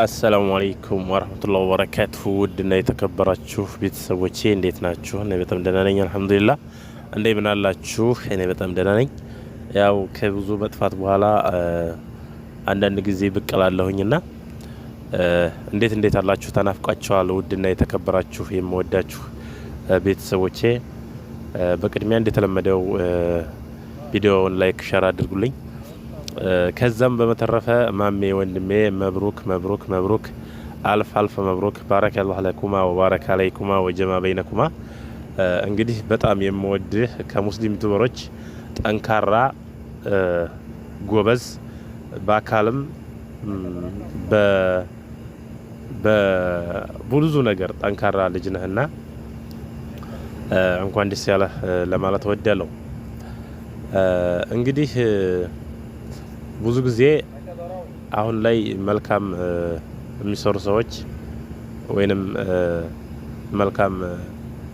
አሰላሙ አለይኩም ወረህመቱላህ ወበረካቱሁ ውድና የተከበራችሁ ቤተሰቦቼ እንዴት ናችሁ? እኔ በጣም ደህና ነኝ፣ አልሐምዱሊላህ። እንደ ምን አላችሁ? እኔ በጣም ደህና ነኝ። ያው ከብዙ መጥፋት በኋላ አንዳንድ ጊዜ ብቅ እላለሁኝና እንዴት እንዴት አላችሁ? ተናፍቋችኋል። ውድና የተከበራችሁ የምወዳችሁ ቤተሰቦቼ በቅድሚያ እንደተለመደው ቪዲዮውን ላይክ ሸር አድርጉልኝ። ከዛም በመተረፈ ማሜ ወንድሜ መብሩክ መብሩክ መብሩክ አልፍ አልፍ መብሩክ ባረከ ላሁ ለኩማ ወባረከ አለይኩማ ወጀማ በይነኩማ። እንግዲህ በጣም የምወድህ ከሙስሊም ዩቱበሮች ጠንካራ ጎበዝ፣ በአካልም በብዙ ነገር ጠንካራ ልጅ ነህና እንኳን ደስ ያለህ ለማለት እወዳለሁ። እንግዲህ ብዙ ጊዜ አሁን ላይ መልካም የሚሰሩ ሰዎች ወይንም መልካም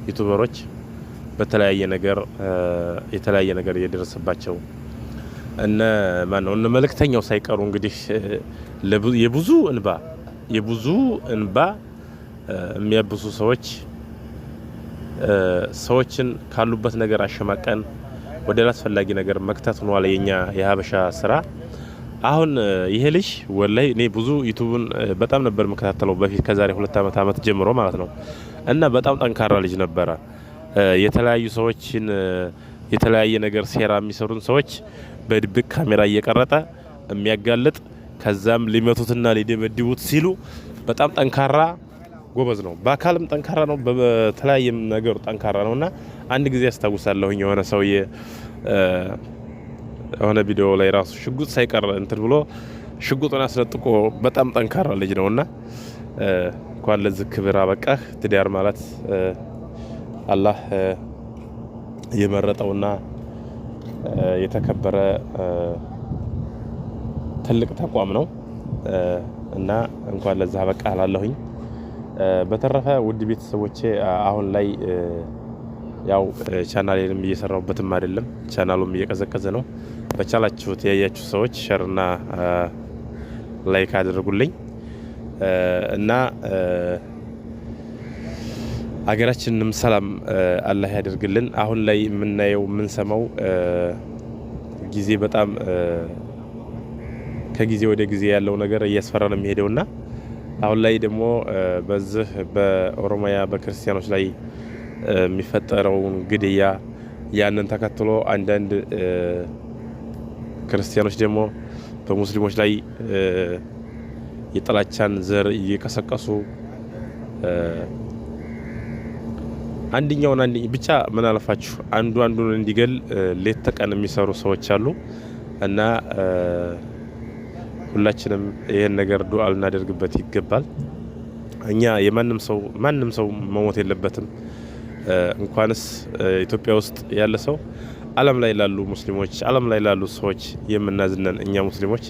ዩቱበሮች በተለያየ ነገር የተለያየ ነገር እየደረሰባቸው እነ ማን ነው እነ መልእክተኛው ሳይቀሩ እንግዲህ የብዙ እንባ የብዙ እንባ የሚያብሱ ሰዎች ሰዎችን ካሉበት ነገር አሸማቀን ወደ ላስፈላጊ ነገር መክተት ሆኗል የኛ የሀበሻ ስራ። አሁን ይሄ ልጅ ወላይ እኔ ብዙ ዩቱብን በጣም ነበር የምከታተለው በፊት ከዛሬ ሁለት ዓመት ዓመት ጀምሮ ማለት ነው። እና በጣም ጠንካራ ልጅ ነበረ። የተለያዩ ሰዎችን የተለያየ ነገር ሴራ የሚሰሩን ሰዎች በድብቅ ካሜራ እየቀረጠ የሚያጋልጥ ከዛም ሊመቱትና ሊደበድቡት ሲሉ በጣም ጠንካራ ጎበዝ ነው። በአካልም ጠንካራ ነው፣ በተለያየም ነገሩ ጠንካራ ነው። እና አንድ ጊዜ ያስታውሳለሁኝ የሆነ ሰውዬ የሆነ ቪዲዮ ላይ ራሱ ሽጉጥ ሳይቀር እንትን ብሎ ሽጉጡን አስነጥቆ በጣም ጠንካራ ልጅ ነው እና እንኳን ለዚህ ክብር አበቃህ። ትዳር ማለት አላህ የመረጠውና የተከበረ ትልቅ ተቋም ነው እና እንኳን ለዚህ አበቃህ እላለሁኝ። በተረፈ ውድ ቤተሰቦቼ አሁን ላይ ያው ቻናሌንም እየሰራሁበትም አይደለም፣ ቻናሉም እየቀዘቀዘ ነው። በቻላችሁት ያያችሁ ሰዎች ሸርና ላይክ አደረጉልኝ እና አገራችንንም ሰላም አላህ ያደርግልን። አሁን ላይ የምናየው የምንሰማው ጊዜ በጣም ከጊዜ ወደ ጊዜ ያለው ነገር እያስፈራ ነው የሚሄደው እና አሁን ላይ ደግሞ በዚህ በኦሮሚያ በክርስቲያኖች ላይ የሚፈጠረውን ግድያ ያንን ተከትሎ አንዳንድ ክርስቲያኖች ደግሞ በሙስሊሞች ላይ የጥላቻን ዘር እየቀሰቀሱ አንድኛውን አንድ ብቻ ምን አለፋችሁ አንዱ አንዱን እንዲገል ሌት ተቀን የሚሰሩ ሰዎች አሉ እና ሁላችንም ይህን ነገር ዱዓ ልናደርግበት ይገባል። እኛ የማንም ሰው ማንም ሰው መሞት የለበትም። እንኳንስ ኢትዮጵያ ውስጥ ያለ ሰው ዓለም ላይ ላሉ ሙስሊሞች ዓለም ላይ ላሉ ሰዎች የምናዝነን እኛ ሙስሊሞች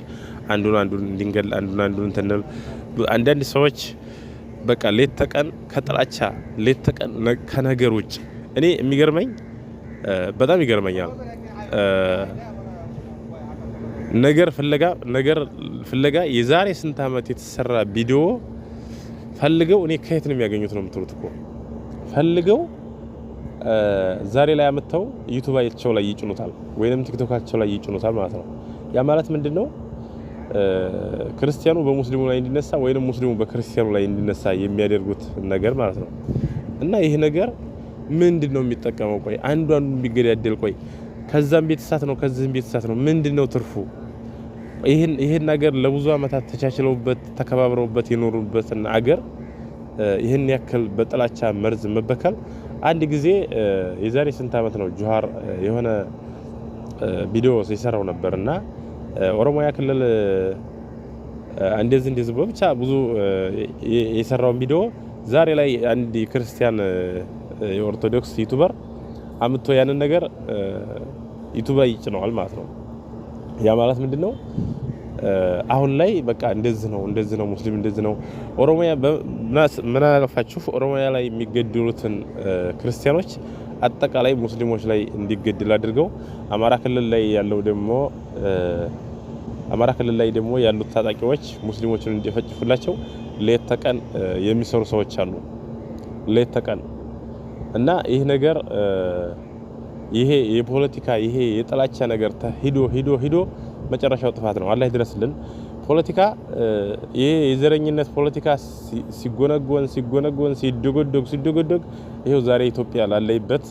አንዱን አንዱን እንዲንገል አንዱን አንዱን እንትንል አንዳንድ ሰዎች በቃ ሌት ተቀን ከጥላቻ ሌት ተቀን ከነገር ውጭ እኔ የሚገርመኝ በጣም ይገርመኛል። ነገር ፍለጋ ነገር ፍለጋ የዛሬ ስንት ዓመት የተሰራ ቪዲዮ ፈልገው እኔ ከየት ነው የሚያገኙት ነው የምትሉት እኮ ፈልገው ዛሬ ላይ አምጥተው ዩቱባቸው ላይ ይጭኑታል ወይም ቲክቶካቸው ላይ ይጭኑታል ማለት ነው። ያ ማለት ምንድን ነው? ክርስቲያኑ በሙስሊሙ ላይ እንዲነሳ ወይም ሙስሊሙ በክርስቲያኑ ላይ እንዲነሳ የሚያደርጉት ነገር ማለት ነው። እና ይህ ነገር ምንድን ነው የሚጠቀመው? ቆይ አንዱ አንዱ የሚገዳደል ቆይ ከዛም ቤት እሳት ነው ከዚህም ቤት እሳት ነው። ምንድን ነው ትርፉ? ይህን ነገር ለብዙ ዓመታት ተቻችለውበት ተከባብረውበት የኖሩበትን አገር ይህን ያክል በጥላቻ መርዝ መበከል። አንድ ጊዜ የዛሬ ስንት ዓመት ነው ጁሃር የሆነ ቪዲዮ ሲሰራው ነበር እና ኦሮሞያ ክልል እንደዚህ እንደዚህ ብሎ ብቻ ብዙ የሰራውን ቪዲዮ ዛሬ ላይ አንድ ክርስቲያን የኦርቶዶክስ ዩቱበር አምጥቶ ያንን ነገር ዩቱብ ላይ ይጭነዋል ማለት ነው። ያ ማለት ምንድን ነው? አሁን ላይ በቃ እንደዚህ ነው እንደዚህ ነው ሙስሊም እንደዚህ ነው። ኦሮሚያ ምናልፋችሁ ኦሮሚያ ላይ የሚገድሉትን ክርስቲያኖች አጠቃላይ ሙስሊሞች ላይ እንዲገድል አድርገው አማራ ክልል ላይ ያለው ደግሞ አማራ ክልል ላይ ደግሞ ያሉት ታጣቂዎች ሙስሊሞችን እንዲፈጭፉላቸው ሌት ተቀን የሚሰሩ ሰዎች አሉ። ሌት ተቀን እና ይህ ነገር ይሄ የፖለቲካ ይሄ የጥላቻ ነገር ሂዶ ሂዶ ሂዶ መጨረሻው ጥፋት ነው። አላህ ይድረስልን። ፖለቲካ ይሄ የዘረኝነት ፖለቲካ ሲጎነጎን ሲጎነጎን ሲደጎደግ ሲደጎደግ ይሄው ዛሬ ኢትዮጵያ ላለይበት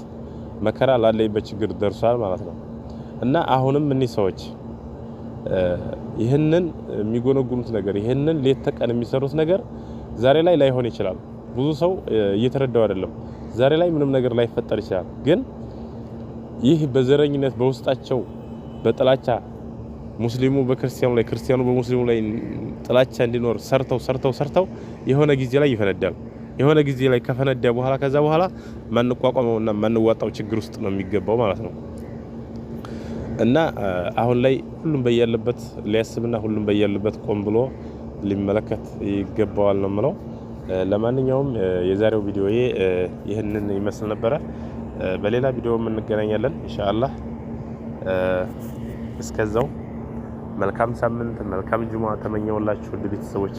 መከራ ላለይበት ችግር ደርሷል ማለት ነው። እና አሁንም እኒህ ሰዎች ይህንን የሚጎነጉኑት ነገር ይህንን ሌት ተቀን የሚሰሩት ነገር ዛሬ ላይ ላይሆን ይችላል። ብዙ ሰው እየተረዳው አይደለም። ዛሬ ላይ ምንም ነገር ላይፈጠር ይችላል። ግን ይህ በዘረኝነት በውስጣቸው በጥላቻ ሙስሊሙ በክርስቲያኑ ላይ ክርስቲያኑ በሙስሊሙ ላይ ጥላቻ እንዲኖር ሰርተው ሰርተው ሰርተው የሆነ ጊዜ ላይ ይፈነዳል። የሆነ ጊዜ ላይ ከፈነዳ በኋላ ከዛ በኋላ ማንቋቋመውና ማንዋጣው ችግር ውስጥ ነው የሚገባው ማለት ነው። እና አሁን ላይ ሁሉም በያለበት ሊያስብና ሁሉም በያለበት ቆም ብሎ ሊመለከት ይገባዋል ነው ምለው። ለማንኛውም የዛሬው ቪዲዮ ይህንን ይመስል ነበረ። በሌላ ቪዲዮ እንገናኛለን ኢንሻአላህ። እስከዛው መልካም ሳምንት፣ መልካም ጅማ ተመኘውላችሁ ውድ ቤተሰቦቼ።